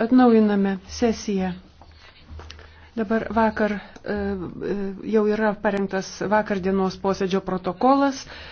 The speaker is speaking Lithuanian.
Atnaujiname sesiją. Dabar vakar e, e, jau yra parengtas vakardienos posėdžio protokolas.